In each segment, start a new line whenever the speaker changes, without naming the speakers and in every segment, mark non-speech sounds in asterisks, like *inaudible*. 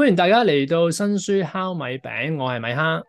歡迎大家嚟到新書烤米餅，我係米哈，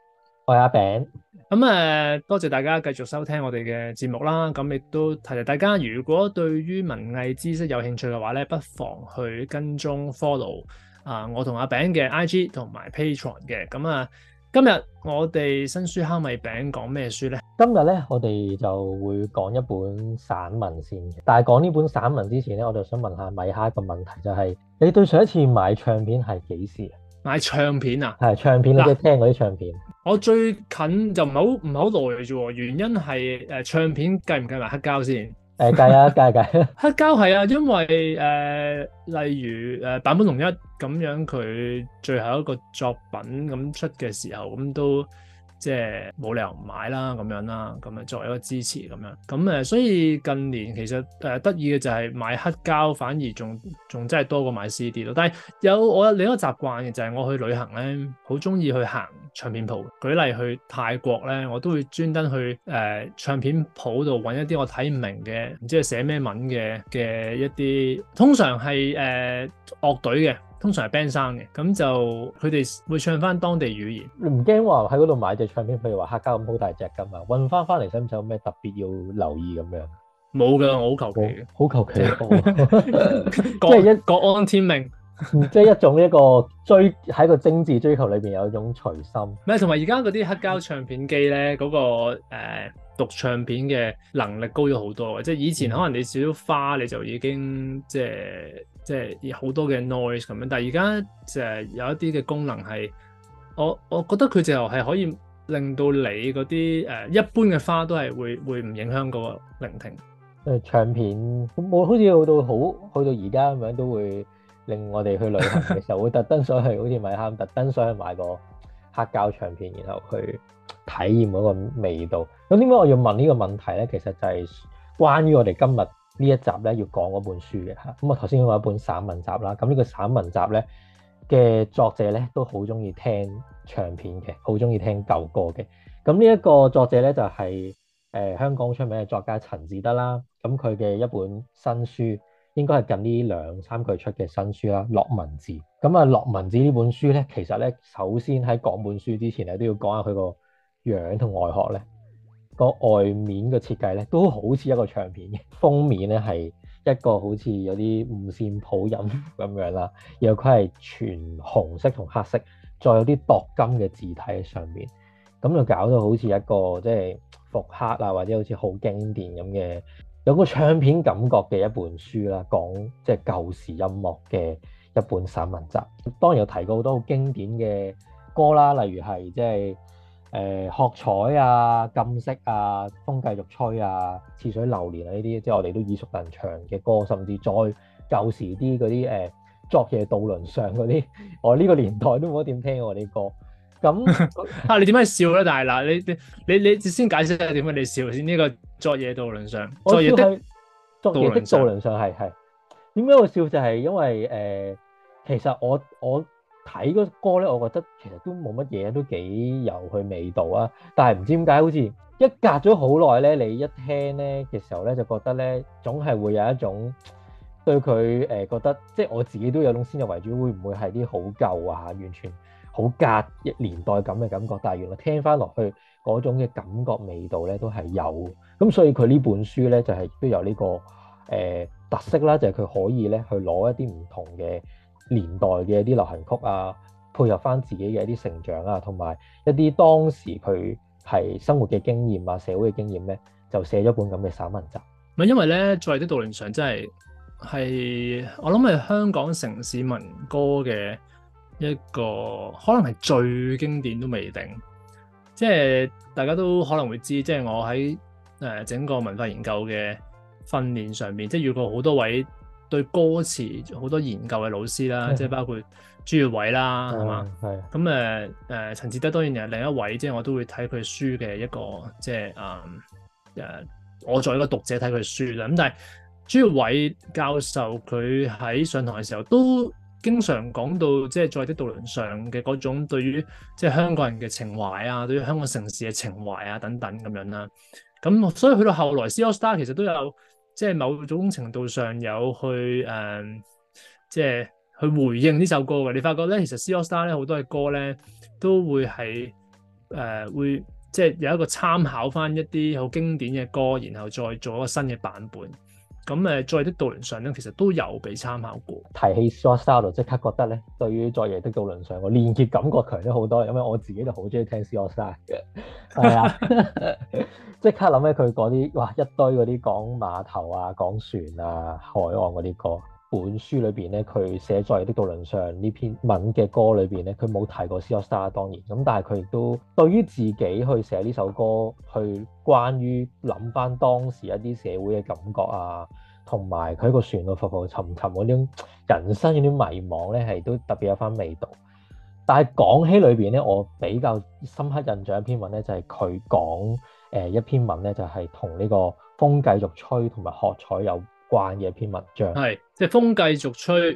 我係阿餅。
咁誒，多謝大家繼續收聽我哋嘅節目啦。咁亦都提提大家，如果對於文藝知識有興趣嘅話咧，不妨去跟蹤 follow 啊、呃，我同阿餅嘅 IG 同埋 Patreon 嘅。咁啊～、呃今日我哋新書烤米餅講咩書呢？
今日呢，我哋就會講一本散文先。但係講呢本散文之前呢，我就想問下米哈一個問題，就是，就係你對上一次買唱片係幾時啊？
買唱片啊？
係唱片，你哋聽嗰啲唱片。
啊。我最近就唔好唔耐住，原因係唱片計唔計埋黑膠先？
誒計啊，計計 *laughs*
黑膠係啊，因為誒、呃，例如誒坂本龍一咁樣，佢最後一個作品咁出嘅時候，咁都。即係冇理由唔買啦，咁樣啦，咁樣作為一個支持咁樣，咁誒，所以近年其實誒、呃、得意嘅就係買黑膠反而仲仲真係多過買 CD 咯。但係有我另一個習慣嘅就係我去旅行咧，好中意去行唱片鋪。舉例去泰國咧，我都會專登去誒、呃、唱片鋪度揾一啲我睇唔明嘅，唔知係寫咩文嘅嘅一啲，通常係誒、呃、樂隊嘅。通常係 band 生嘅，咁就佢哋會唱翻當地
語言。唔驚話喺嗰度買隻唱片，譬如話黑膠咁好大隻噶嘛，運翻翻嚟使唔使有咩特別要留意咁樣？冇噶，我好求其，好求其，即係一國安天命，即係一種一個追喺個政治追求裏邊有一種隨心。
咩？同埋而家嗰啲黑膠唱片機咧，嗰、嗰個、uh 讀唱片嘅能力高咗好多，即係以前可能你少少花你就已經即係即係好多嘅 noise 咁樣，但係而家就有一啲嘅功能係，我我覺得佢就係可以令到你嗰啲誒，一般嘅花都係會會唔影響個聆聽。
誒、呃，唱片我好似去到好去到而家咁樣都會令我哋去旅行嘅時候會 *laughs* 特登上去，好似咪喊特登上去買個。黑膠唱片，然後去體驗嗰個味道。咁點解我要問呢個問題咧？其實就係關於我哋今日呢一集咧要講嗰本書嘅吓。咁、嗯、我頭先講一本散文集啦。咁呢個散文集咧嘅作者咧都好中意聽唱片嘅，好中意聽舊歌嘅。咁呢一個作者咧就係、是、誒香港出名嘅作家陳智德啦。咁佢嘅一本新書。應該係近呢兩三個月出嘅新書啦，《樂文誌》咁啊，《樂文誌》呢本書咧，其實咧，首先喺講本書之前咧，都要講下佢個樣同外殼咧，個外面嘅設計咧，都好似一個唱片嘅封面咧，係一個好似有啲五線譜音符咁樣啦，然後佢係全紅色同黑色，再有啲鑄金嘅字體喺上面，咁就搞到好似一個即係、就是、復刻啊，或者好似好經典咁嘅。有個唱片感覺嘅一本書啦，講即係舊時音樂嘅一本散文集。當然有提過好多好經典嘅歌啦，例如係即係誒《喝采》啊，《禁色》啊，《風繼續吹》啊，《似水流年啊》啊呢啲，即係我哋都耳熟能詳嘅歌，甚至再舊時啲嗰啲誒《昨夜的渡輪上》嗰啲，我呢個年代都冇得點聽過啲、啊、歌。咁那
*laughs* 啊！你點解笑咧？但係嗱，你你你你先解釋下點解你笑先？呢、這個作嘢道路上，作嘢的
作嘢的道路上係係點解我笑就係、是、因為誒、呃，其實我我睇嗰歌咧，我覺得其實都冇乜嘢，都幾有佢味道啊！但係唔知點解好似一隔咗好耐咧，你一聽咧嘅時候咧，就覺得咧，總係會有一種對佢誒、呃、覺得，即係我自己都有種先入為主，會唔會係啲好舊啊？完全。好隔一年代感嘅感覺，但係原來聽翻落去嗰種嘅感覺味道咧，都係有。咁所以佢呢本書咧，就係、是、都有呢、這個誒、呃、特色啦，就係、是、佢可以咧去攞一啲唔同嘅年代嘅一啲流行曲啊，配合翻自己嘅一啲成長啊，同埋一啲當時佢係生活嘅經驗啊，社會嘅經驗咧，就寫咗本咁嘅散文集。
唔因為咧，作為啲讀嚟上真係係我諗係香港城市民歌嘅。一個
可能係最經
典都未定，即係大家都可能會知，即係我喺誒整個文化研究嘅訓練上面，即係遇過好多位對歌詞好多研究嘅老師啦，嗯、即係包括朱耀偉啦，係嘛、嗯？係咁誒誒，陳智德當然又係另一位，即係我都會睇佢書嘅一個，即係誒誒，我作為一個讀者睇佢書啦。咁但係朱耀偉教授佢喺上堂嘅時候都。經常講到即係在啲悼念上嘅嗰種對於即係香港人嘅情懷啊，對於香港城市嘅情懷啊等等咁樣啦。咁所以去到後來，C AllStar 其實都有即係某種程度上有去誒、呃，即係去回應呢首歌嘅。你發覺咧，其實 C AllStar 咧好多嘅歌咧都會係誒、呃、會即係有一個參考翻一啲好經典嘅歌，然後再做一個新嘅版本。咁誒，在夜的渡輪上咧，其實都有被參考過。
提起 Sea or Sky，即刻覺得咧，對於在夜的渡輪上，我連結感覺強咗好多，因為我自己就好中意聽 Sea or Sky 嘅。係 *laughs* 啊，即 *laughs* 刻諗起佢嗰啲，哇一堆嗰啲講碼頭啊、講船啊、海岸嗰啲歌。本書裏邊咧，佢寫在《的導論》上呢篇文嘅歌裏邊咧，佢冇提過《C AllStar》當然咁，但係佢亦都對於自己去寫呢首歌，去關於諗翻當時一啲社會嘅感覺啊，同埋佢個旋律浮浮沉沉嗰種人生有啲迷茫咧，係都特別有翻味道。但係講起裏邊咧，我比較深刻印象一篇文咧，就係佢講誒一篇文咧，就係同呢個風繼續吹同埋喝彩有慣嘅篇文章，係
即係風繼續吹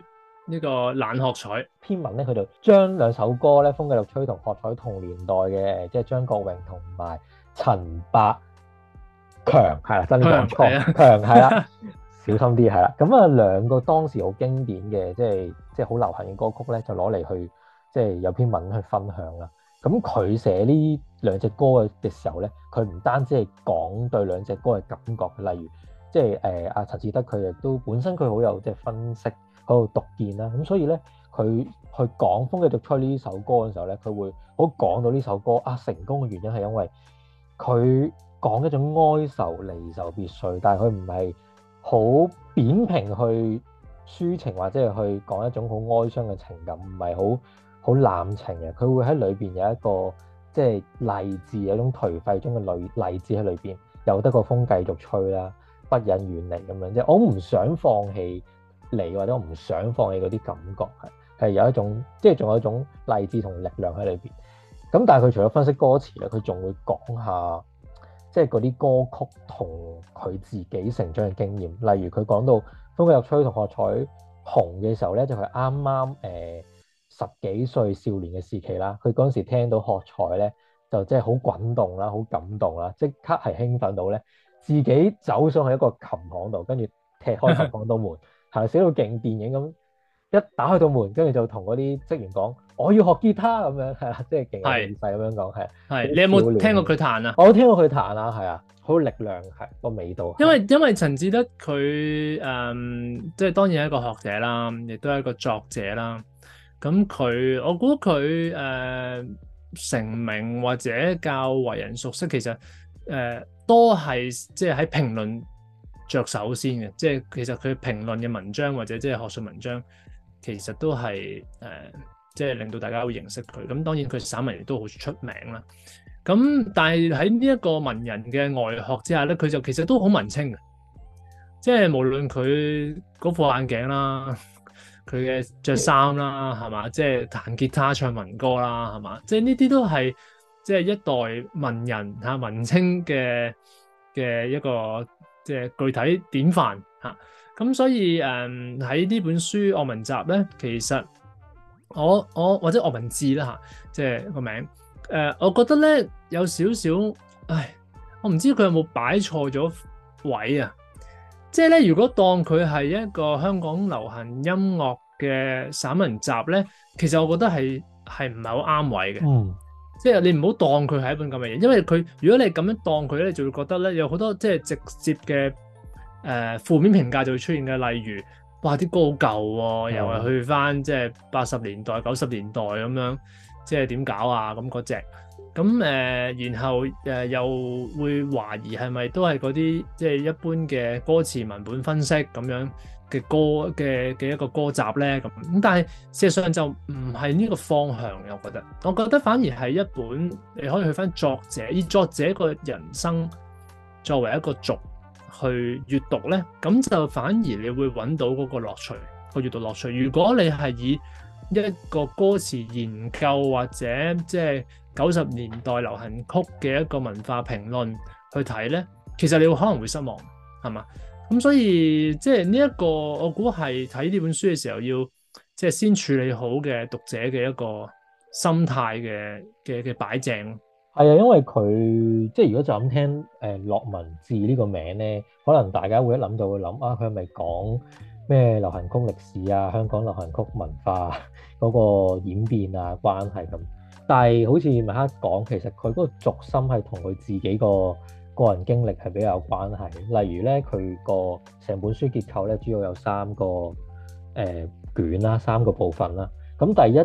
呢，
這個冷喝彩篇文咧，佢就將兩首歌咧，風繼續吹同喝彩同年代嘅，即係張國榮同埋陳百強係啦，真啲冇錯，強係啦，小心啲係啦，咁啊兩個當時好經典嘅，即係即係好流行嘅歌曲咧，就攞嚟去即係，就是，有篇文去分享啦。咁佢寫呢兩隻歌嘅時候咧，佢唔單止係講對兩隻歌嘅感覺，例如。即係誒阿陳智德，佢亦都本身佢好有即係分析，好有獨見啦。咁所以咧，佢去講風繼續吹呢首歌嘅時候咧，佢會好講到呢首歌啊，成功嘅原因係因為佢講一種哀愁、離愁別緒，但係佢唔係好扁平去抒情，或者係去講一種好哀傷嘅情感，唔係好好濫情嘅。佢會喺裏邊有一個即係勵志，有一種頹廢中嘅勵勵志喺裏邊，由得個風繼續吹啦。不忍遠離咁樣，即係，我唔想放棄你，或者我唔想放棄嗰啲感覺，係係有一種即係仲有一種勵志同力量喺裏邊。咁但係佢除咗分析歌詞咧，佢仲會講下即係嗰啲歌曲同佢自己成長嘅經驗。例如佢講到《風繼續吹》同《喝彩》紅嘅時候咧，就係啱啱誒十幾歲少年嘅時期啦。佢嗰陣時聽到喝彩咧，就即係好滾動啦，好感動啦，即刻係興奮到咧。自己走上去一個琴行度，跟住踢開琴房度門，係寫 *laughs* 到勁電影咁。一打開到門，跟住就同嗰啲職員講：我要學吉他咁樣，係啦，即係勁有熱咁樣講。係係，的你有冇聽過佢彈啊？我聽過佢彈啦，係啊，好力量，係個味道。
因為因為陳智德佢誒、嗯，即係當然係一個學者啦，亦都係一個作者啦。咁佢我估佢誒成名或者較為人熟悉，其實誒。呃都係即係喺評論着手先嘅，即係其實佢評論嘅文章或者即係學術文章，其實都係誒、呃，即係令到大家會認識佢。咁當然佢散文亦都好出名啦。咁但係喺呢一個文人嘅外殼之下咧，佢就其實都好文青嘅，即係無論佢嗰副眼鏡啦，佢嘅着衫啦，係嘛，即係彈吉他唱民歌啦，係嘛，即係呢啲都係。即係一代文人嚇、啊、文青嘅嘅一個即係具體典範嚇，咁、啊嗯、所以誒喺呢本書《樂文集》咧，其實我我或者《樂文誌》啦嚇、啊，即係個名誒、呃，我覺得咧有少少，唉，我唔知佢有冇擺錯咗位啊！即係咧，如果當佢係一個香港流行音樂嘅散文集咧，其實我覺得係係唔係好啱位嘅。嗯即係你唔好當佢係一本咁嘅嘢，因為佢如果你咁樣當佢咧，你就會覺得咧有好多即係直接嘅誒、呃、負面評價就會出現嘅，例如哇啲歌好舊喎、哦，又係、嗯、去返即係八十年代、九十年代咁樣，即係點搞啊咁嗰隻。咁誒、呃，然後，誒、呃，又會懷疑係咪都係嗰啲即係一般嘅歌詞文本分析咁樣嘅歌嘅嘅一個歌集咧咁，咁，但係事實上就唔係呢個方向嘅，我覺得我覺得反而係一本你可以去翻作者以作者個人生作為一個軸去閱讀咧，咁就反而你會揾到嗰個樂趣，嗰個閱讀樂趣。如果你係以一個歌詞研究或者即係。九十年代流行曲嘅一個文化評論去睇咧，其實你會可能會失望，係嘛？咁所以即係呢一個，我估係睇呢本書嘅時候要即係先處理好嘅讀者嘅一個心態嘅嘅嘅擺正。
係啊，因為佢即係如果就咁聽誒樂文誌呢個名咧，可能大家會一諗就會諗啊，佢係咪講咩流行曲歷史啊、香港流行曲文化嗰個演變啊、關係咁？但係好似米哈講，其實佢嗰個軸心係同佢自己個個人經歷係比較有關係。例如咧，佢個成本書結構咧，主要有三個誒、呃、卷啦，三個部分啦。咁第一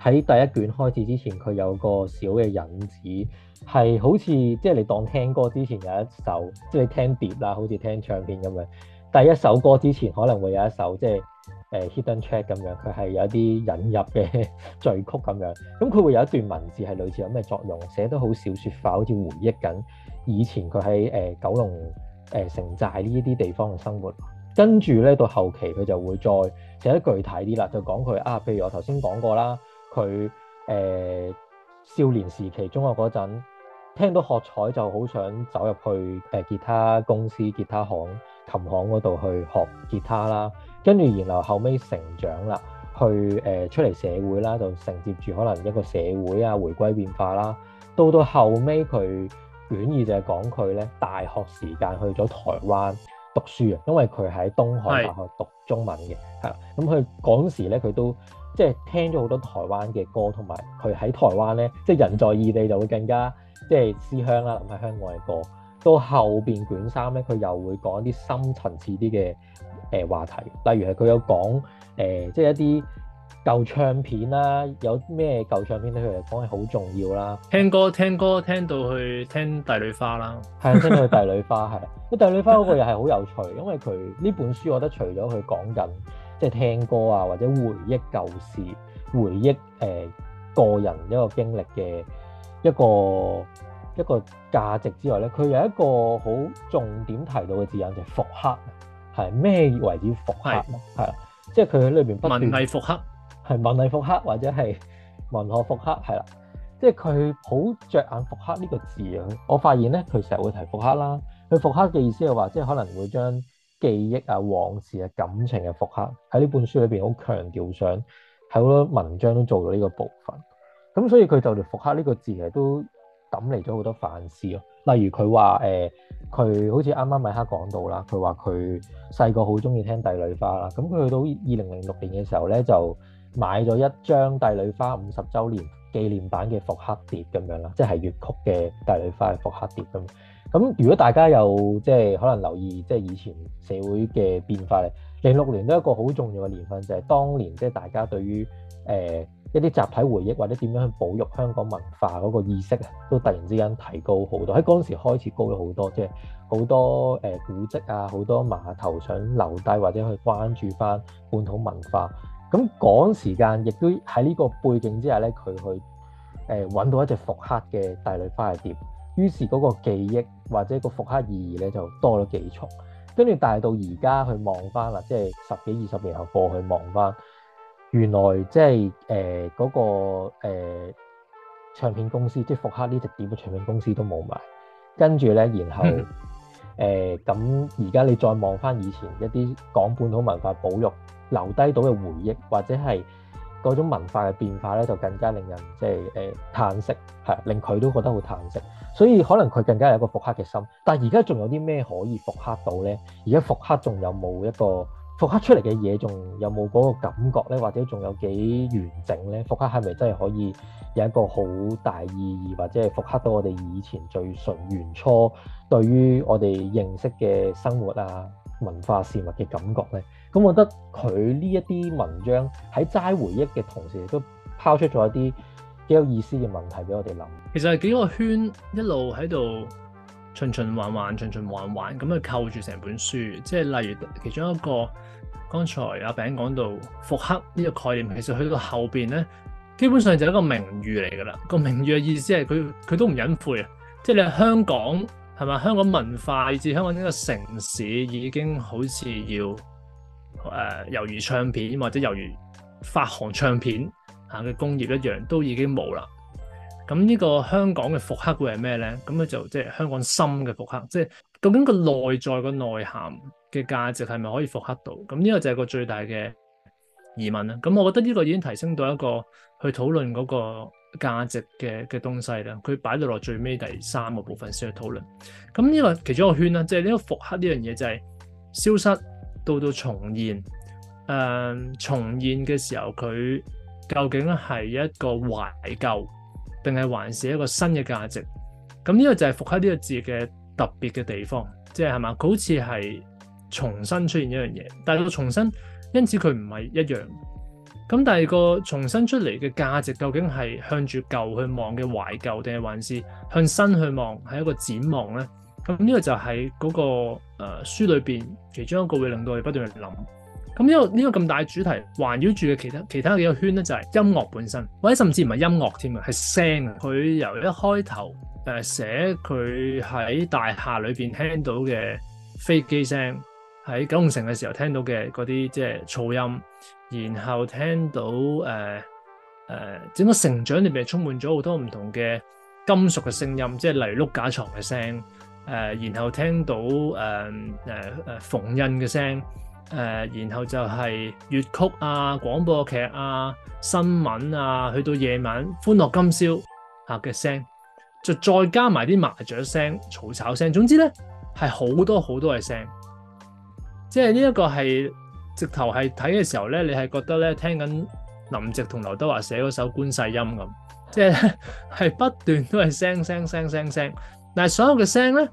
喺第一卷開始之前，佢有個小嘅引子，係好似即係你當聽歌之前有一首，即係你聽碟啦，好似聽唱片咁樣。第一首歌之前可能會有一首即係。即係誒 hidden track 咁樣，佢係有啲引入嘅序 *laughs* 曲咁樣，咁佢會有一段文字係類似有咩作用，寫得好小説化，好似回憶緊以前佢喺誒九龍誒城、呃、寨呢啲地方嘅生活。跟住咧到後期佢就會再寫得具體啲啦，就講佢啊，譬如我頭先講過啦，佢誒、呃、少年時期中學嗰陣聽到學彩就好想走入去誒、呃、吉他公司、吉他行、琴行嗰度去學吉他啦。跟住，然後後尾成長啦，去誒出嚟社會啦，就承接住可能一個社會啊，回歸變化啦。到到後尾，佢卷二就係講佢咧大學時間去咗台灣讀書啊，因為佢喺東海大學讀中文嘅，係啦是。咁佢嗰時咧，佢都即係聽咗好多台灣嘅歌，同埋佢喺台灣咧，即係人在異地就會更加即係思鄉啦，諗起香港嘅歌。到後邊卷三咧，佢又會講一啲深層次啲嘅。誒、呃、話題，例如係佢有講誒、呃，即係一啲舊唱片啦，有咩舊唱片對佢嚟講係好重要啦。
聽歌聽歌聽到去聽， *laughs* 聽到帝《帝女花》啦，
係聽到去《帝女花》係，《帝女花》嗰個又係好有趣，因為佢呢本書我覺得除咗佢講緊即係聽歌啊，或者回憶舊事、回憶誒、呃、個人一個經歷嘅一個一個價值之外咧，佢有一個好重點提到嘅字眼就係、是、復刻。係咩為止復刻？咯是？啦，即係佢喺裏邊不斷文藝復刻，係文藝復刻，或者係文學復刻，係啦，即係佢好着眼復刻呢個字啊！我發現咧，佢成日會提復刻啦。佢復刻嘅意思係話，即係可能會將記憶啊、往事啊、感情嘅復刻喺呢本書裏邊好強調上，喺好多文章都做到呢個部分。咁所以佢就嚟復刻呢個字嘅都。抌嚟咗好多反思哦，例如佢話誒，佢、呃、好似啱啱米哈講到啦，佢話佢細個好鍾意聽《帝女花》啦，咁佢去到二零零六年嘅時候咧，就買咗一張《帝女花》五十週年紀念版嘅復刻碟咁樣啦，即係粵曲嘅《帝女花》嘅復刻碟咁。咁如果大家有即係可能留意即係以前社會嘅變化咧，零六年都一個好重要嘅年份，就係、是、當年即係大家對於誒。呃一啲集體回憶或者點樣去保育香港文化嗰個意識啊，都突然之間提高好多。喺嗰陣時開始高咗好多，即係好多誒古蹟啊，好多碼頭想留低或者去關注翻本土文化。咁趕時間，亦都喺呢個背景之下咧，佢去誒搵、呃、到一隻復刻嘅帝女花嘅碟。於是嗰個記憶或者個復刻意義咧就多咗幾重。跟住，但係到而家去望翻啦，即係十幾二十年後過去望翻。原來即係誒嗰個、呃、唱片公司，即係復刻呢隻碟嘅唱片公司都冇埋。跟住咧，然後誒咁而家你再望翻以前一啲講本土文化保育、留低到嘅回憶，或者係嗰種文化嘅變化咧，就更加令人即係誒嘆息，係令佢都覺得好嘆息。所以可能佢更加有一個復刻嘅心。但係而家仲有啲咩可以復刻到咧？而家復刻仲有冇一個？復刻出嚟嘅嘢仲有冇嗰個感覺咧？或者仲有幾完整咧？復刻係咪真係可以有一個好大意義，或者係復刻到我哋以前最純原初對於我哋認識嘅生活啊、文化事物嘅感覺咧？咁我覺得佢呢一啲文章喺齋回憶嘅同時，亦都拋出咗一啲幾有意思嘅問題俾我哋諗。
其實係幾個圈一路喺度。循循環環，循循環環咁樣扣住成本書，即係例如其中一個，剛才阿餅講到復刻呢個概念，其實去到後邊咧，基本上就係一個名譽嚟噶啦。個名譽嘅意思係佢佢都唔隱晦啊，即係你香港係咪香港文化以至香港呢個城市已經好似要誒、呃，猶如唱片或者猶如發行唱片啊嘅工業一樣，都已經冇啦。咁呢個香港嘅復刻會係咩咧？咁咧就即係香港心嘅復刻，即係究竟個內在個內涵嘅價值係咪可以復刻到？咁呢個就係個最大嘅疑問啦。咁我覺得呢個已經提升到一個去討論嗰個價值嘅嘅東西啦。佢擺到落最尾第三個部分先去討論。咁呢個其中一個圈啦，即係呢個復刻呢樣嘢就係消失到到重現。誒、呃，重現嘅時候佢究竟係一個懷舊？定係還是一個新嘅價值，咁呢個就係復刻呢個字嘅特別嘅地方，即係係嘛？佢好似係重新出現一樣嘢，但係個重新，因此佢唔係一樣。咁但係個重新出嚟嘅價值究竟係向住舊去望嘅懷舊，定係還是向新去望係一個展望咧？咁呢個就係嗰、那個誒、呃、書裏邊其中一個會令到你不斷去諗。咁呢個呢個咁大嘅主題，環繞住嘅其他其他幾個圈咧，就係、是、音樂本身，或者甚至唔係音樂添嘅，係聲啊！佢由一開頭誒寫佢喺大廈裏邊聽到嘅飛機聲，喺九龍城嘅時候聽到嘅嗰啲即係噪音，然後聽到誒誒整個成長裏邊充滿咗好多唔同嘅金屬嘅聲音，即係例如碌架床嘅聲，誒、呃，然後聽到誒誒誒縫印嘅聲。呃呃誒、呃，然後就係粵曲啊、廣播劇啊、新聞啊，去到夜晚《歡樂今宵、啊》嚇嘅聲，就、啊、再加埋啲麻雀聲、嘈吵聲，總之咧係好多好多嘅聲。即係呢一個係直頭係睇嘅時候咧，你係覺得咧聽緊林夕同劉德華寫嗰首《觀世音》咁，即係係不斷都係聲聲聲聲聲。但係所有嘅聲咧，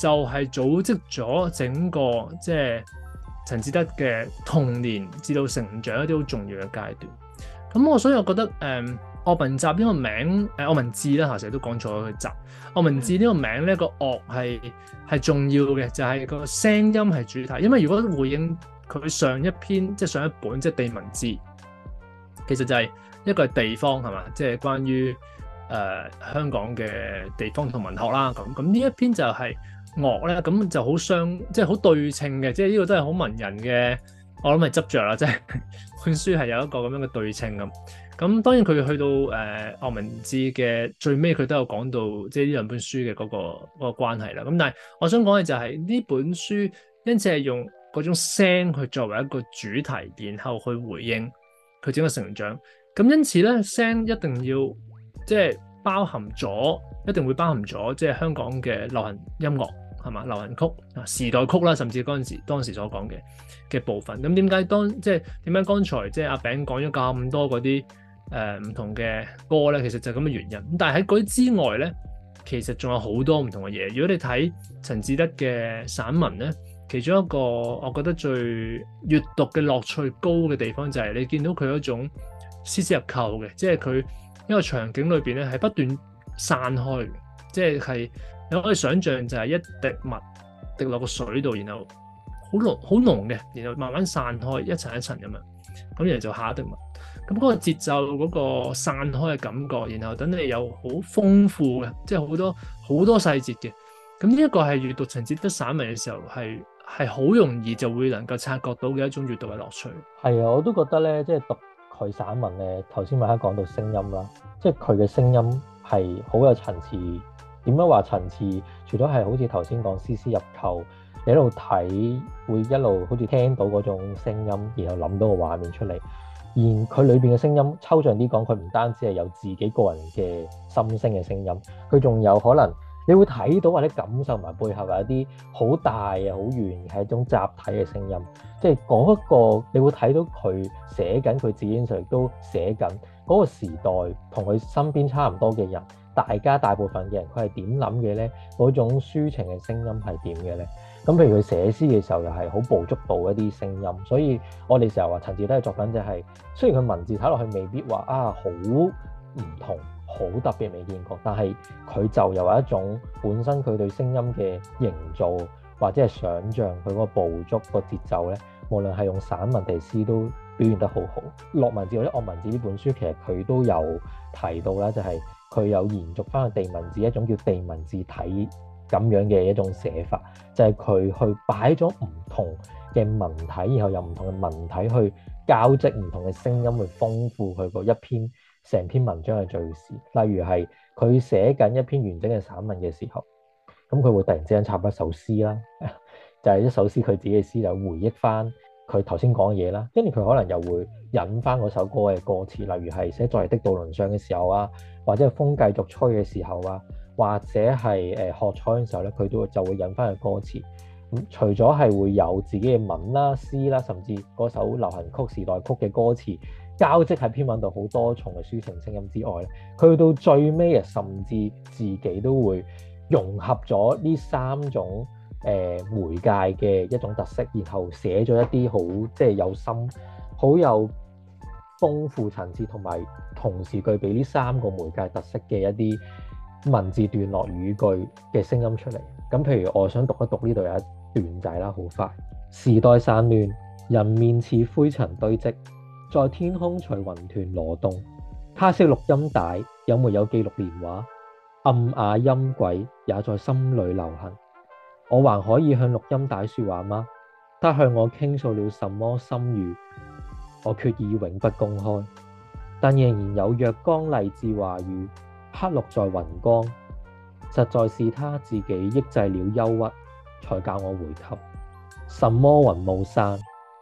就係、係、組織咗整個即係。陳智德嘅童年至到成長一啲好重要嘅階段，咁我所以我覺得誒《樂、呃、文集》呢個名誒《樂、呃、文誌》啦嚇成日都講錯佢集《樂、嗯、文誌》呢個名咧、那個樂係係重要嘅，就係、是、個聲音係主題，因為如果回應佢上一篇即、就是、上一本即、就是、地文誌，其實就係一個地方係嘛，即係、就是、關於誒、呃、香港嘅地方同文學啦，咁咁呢一篇就係、是。樂咧咁就好相，即係好對稱嘅，即係呢個都係好文人嘅，我諗係執着啦，即係本書係有一個咁樣嘅對稱咁。咁當然佢去到誒樂文誌嘅最尾，佢都有講到即係呢兩本書嘅嗰個嗰個關係啦。咁但係我想講嘅就係呢本書因此係用嗰種聲去作為一個主題，然後去回應佢整個成長。咁因此咧，聲一定要即係包含咗，一定會包含咗即係香港嘅流行音樂。係嘛？流行曲、時代曲啦，甚至嗰陣時當時所講嘅嘅部分。咁點解當即係點解剛才即係、就是、阿餅講咗咁多嗰啲誒唔同嘅歌咧？其實就咁嘅原因。咁但係喺嗰啲之外咧，其實仲有好多唔同嘅嘢。如果你睇陳智德嘅散文咧，其中一個我覺得最閱讀嘅樂趣高嘅地方就係你見到佢一種絲絲入扣嘅，即係佢一個場景裏邊咧係不斷散開。即係你可以想象，就係一滴墨滴落個水度，然後好濃好濃嘅，然後慢慢散開一層一層咁樣。咁然後就下一滴墨。咁嗰個節奏，嗰個散開嘅感覺，然後等你有好豐富嘅，即係好多好多細節嘅。咁呢一個係閱讀陳智德散文嘅
時候，係係好容
易就會能夠察覺到嘅一種閱讀嘅樂趣。
係啊，我都覺得咧，即係讀佢散文咧。頭先咪係講到聲音啦，即係佢嘅聲音係好有層次。點樣話層次？除咗係好似頭先講絲絲入扣，你一路睇會一路好似聽到嗰種聲音，然後諗到個畫面出嚟。而佢裏邊嘅聲音，抽象啲講，佢唔單止係有自己個人嘅心聲嘅聲音，佢仲有可能你會睇到或者感受埋背後有一啲好大啊、好遠，係一種集體嘅聲音。即係講一個你會睇到佢寫緊，佢自己上亦都寫緊嗰個時代同佢身邊差唔多嘅人。大家大部分嘅人佢係點諗嘅咧？嗰種抒情嘅聲音係點嘅咧？咁譬如佢寫詩嘅時候又係好捕捉到一啲聲音，所以我哋成日話陳智德嘅作品就係、是、雖然佢文字睇落去未必話啊好唔同、好特別未見過，但係佢就又係一種本身佢對聲音嘅營造或者係想象佢個捕捉個節奏咧，無論係用散文定詩都表現得好好。樂文誌或者惡文誌呢本書其實佢都有提到啦、就是，就係。佢有延續翻個地文字一種叫地文字體咁樣嘅一種寫法，就係、是、佢去擺咗唔同嘅文體，然後用唔同嘅文體去交織唔同嘅聲音去豐富佢嗰一篇成篇文章嘅敘事。例如係佢寫緊一篇完整嘅散文嘅時候，咁佢會突然之間插一首詩啦，就係、是、一首詩，佢自己嘅詩，就回憶翻。佢頭先講嘅嘢啦，跟住佢可能又會引翻嗰首歌嘅歌詞，例如係寫在你的道路上嘅時候啊，或者係風繼續吹嘅時候啊，或者係誒喝彩嘅時候咧，佢都會就會引翻佢歌詞。咁除咗係會有自己嘅文啦、詩啦，甚至嗰首流行曲、時代曲嘅歌詞交織喺篇文度，好多重嘅抒情聲音之外咧，佢到最尾啊，甚至自己都會融合咗呢三種。誒媒介嘅一種特色，然後寫咗一啲好即係有心、好有豐富層次，同埋同時具備呢三個媒介特色嘅一啲文字段落、語句嘅聲音出嚟。咁譬如我想讀一讀呢度有一段仔啦，好快。時代散亂，人面似灰塵堆積在天空，隨雲團挪動。卡式錄音帶有沒有記錄年華？暗雅音軌也在心裏流行。我還可以向錄音帶說話嗎？他向我傾訴了什麼心語？我決意永不公開，但仍然有若光勵志話語刻錄在雲光。實在是他自己抑制了憂鬱，才教我回頭。什麼雲霧散，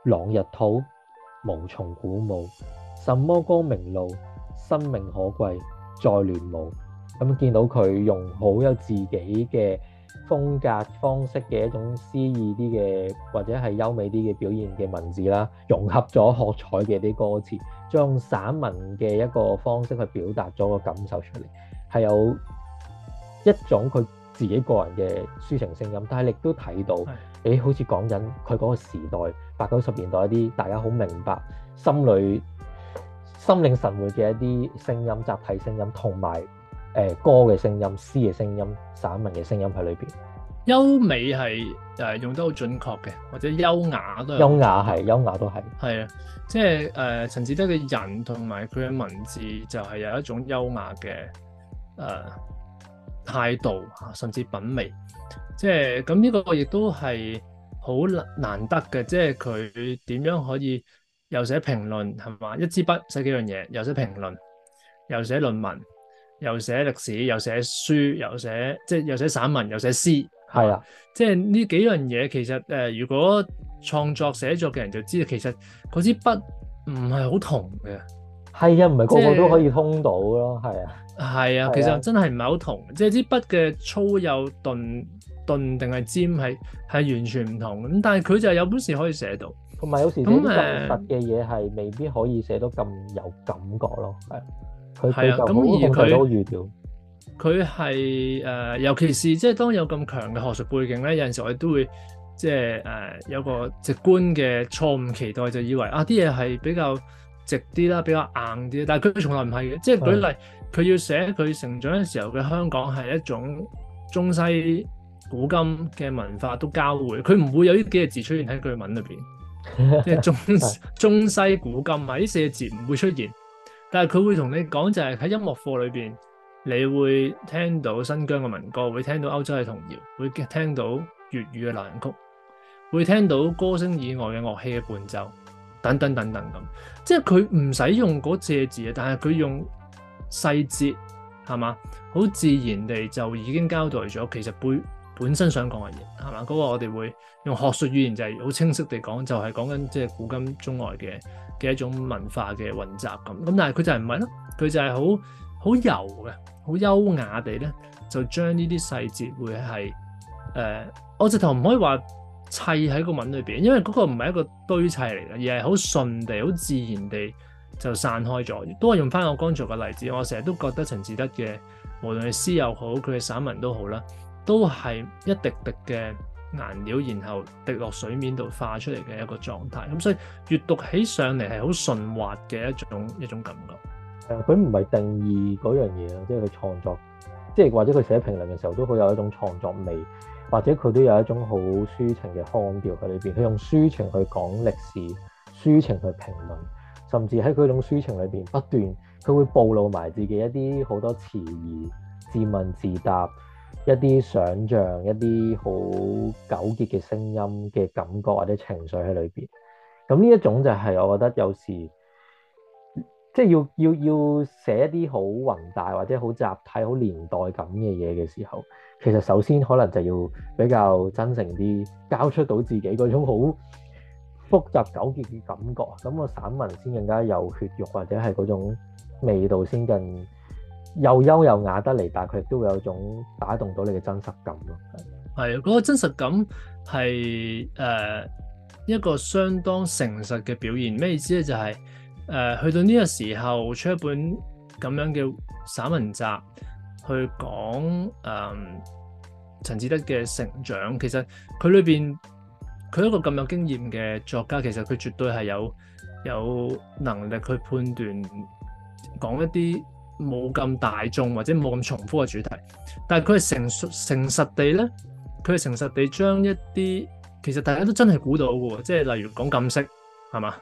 朗日吐，無從鼓舞。什麼光明路，生命可貴，再亂舞。咁、嗯、見到佢用好有自己嘅，風格方式嘅一種詩意啲嘅，或者係優美啲嘅表現嘅文字啦，融合咗喝彩嘅啲歌詞，將散文嘅一個方式去表達咗個感受出嚟，係有一種佢自己個人嘅抒情聲音，但係亦都睇到，誒的、欸、好似講緊佢嗰個時代，八九十年代一啲大家好明白心，心裏心領神會嘅一啲聲音、集體聲音同埋。誒，歌嘅聲音、詩嘅聲音、散文嘅聲音喺裏邊，
優美係誒用得好準確嘅，或者優雅都係。優雅係，
優雅都係。
係啊，即係誒，陳、呃、智德嘅人同埋佢嘅文字就係有一種優雅嘅誒態度啊，甚至品味。即係咁呢個亦都係好難得嘅，即係佢點樣可以又寫評論係嘛，一支筆寫幾樣嘢，又寫評論，又寫論文。又寫歷史，又寫書，又寫即係又寫散文，又寫詩，係啊！即係呢幾樣嘢，其實誒、呃，如果創作寫作嘅人就知道，其實嗰支筆
唔係好同嘅。係啊，唔係個個都可以通到咯，係啊。
係啊，其實真係唔係好同，即係支筆嘅粗有鈍鈍定係尖，係係完全唔同咁。但係佢就有本事可以寫到，同埋有，有時咁實嘅
嘢係未必可以寫到咁有感覺咯，係、嗯。係啊，咁而佢
佢係誒，尤其是即係當有咁強嘅學術背景咧，有陣時我哋都會即係誒、呃，有個直觀嘅錯誤期待，就以為啊啲嘢係比較直啲啦，比較硬啲，但係佢從來唔係嘅。即係舉例，佢的要寫佢成長嘅時候嘅香港係一種中西古今嘅文化都交匯，佢唔會有呢幾個字出現喺句文裏邊，
*laughs* 即係中
*laughs* 中西古今喺呢四個字唔會出現。但係佢會同你講，就係喺音樂課裏面，你會聽到新疆嘅民歌，會聽到歐洲嘅童謠，會聽到粵語嘅流行曲，會聽到歌聲以外嘅樂器嘅伴奏，等等等等咁。即係佢唔使用嗰隻字，但係佢用細節係咪，好自然地就已經交代咗其實背本身想講嘅嘢係嘛？嗰、那個我哋會用學術語言就係好清晰地講，就係講緊即係古今中外嘅嘅一種文化嘅混雜咁。咁但係佢就係唔係咯？佢就係好好柔嘅，好優雅地咧，就將呢啲細節會係誒、呃，我直頭唔可以話砌喺個文裏邊，因為嗰個唔係一個堆砌嚟嘅，而係好順地、好自然地就散開咗。亦都係用翻我剛才嘅例子，我成日都覺得陳智德嘅無論係詩又好，佢嘅散文都好啦。都係一滴滴嘅顏料，然後滴落水面度化出嚟嘅一個狀態。咁所以閲讀起上嚟係好順滑嘅一種一種感覺。
誒，佢唔係定義嗰樣嘢啊，即係佢創作，即係或者佢寫評論嘅時候，都好有一種創作味，或者佢都有一種好抒情嘅腔調喺裏邊。佢用抒情去講歷史，抒情去評論，甚至喺佢種抒情裏邊不斷，佢會暴露埋自己一啲好多遲疑，自問自答，一啲想像，一啲好糾結嘅聲音嘅感覺或者情緒喺裏邊。咁呢一種就係我覺得有時即係要要要寫一啲好宏大或者好集體、好年代感嘅嘢嘅時候，其實首先可能就要比較真誠啲，交出到自己嗰種好複雜糾結嘅感覺。咁個散文先更加有血肉，或者係嗰種味道先更。又優又雅得嚟，但係佢都會有種打動到你嘅真實感咯。
係啊，嗰、那個真實感係誒、呃、一個相當誠實嘅表現。咩意思咧？就係、是、誒、呃、去到呢個時候出一本咁樣嘅散文集，去講誒陳智德嘅成長。其實佢裏邊佢一個咁有經驗嘅作家，其實佢絕對係有有能力去判斷講一啲。冇咁大眾或者冇咁重複嘅主題，但係佢係誠實誠實地呢，佢係誠實地將一啲其實大家都真係估到嘅，即係例如講禁色係嘛？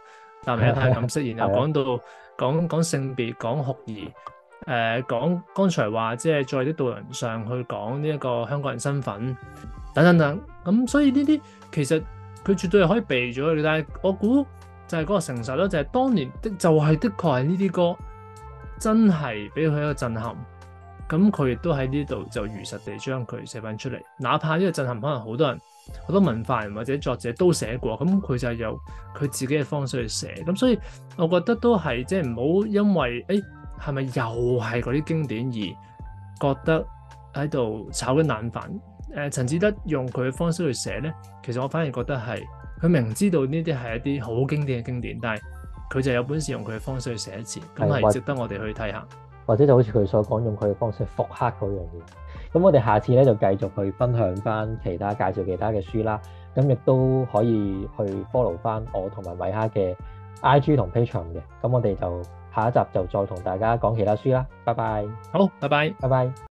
男嘅太禁色，然後講到講講性別講酷兒，誒講剛才話即係在啲度人上去講呢一個香港人身份等等等，咁所以呢啲其實佢絕對係可以避咗嘅，但係我估就係嗰個誠實咯，就係當年的就係的確係呢啲歌，真係俾佢一個震撼，咁佢亦都喺呢度就如實地將佢寫翻出嚟，哪怕呢個震撼可能好多人、好多文化人或者作者都寫過，咁佢就用佢自己嘅方式去寫，咁所以我覺得都係即係唔好因為誒係咪又係嗰啲經典而覺得喺度炒緊冷飯。誒、呃，陳智德用佢嘅方式去寫咧，其實我反而覺得係佢明知道呢啲係一啲好經典嘅經典，但係。佢就有本事用佢嘅方式去寫字，咁係值得我哋去睇下
或，或者就好似佢所講，用佢嘅方式去復刻嗰樣嘢。咁我哋下次咧就繼續去分享翻其他介紹其他嘅書啦。咁亦都可以去 follow 翻我同埋米哈嘅 IG 同 Patreon 嘅。咁我哋就下一集就再同大家講其他書啦。拜拜。好，拜拜，拜拜。